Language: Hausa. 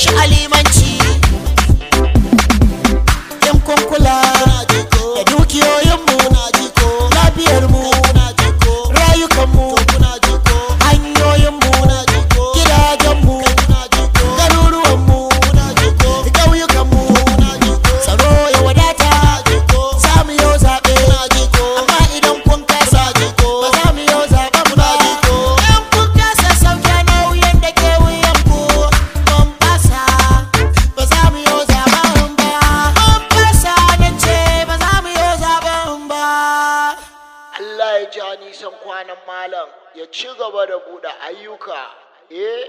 sha'ali ja nisan kwanan malam ya ci gaba da buɗe ayyuka eh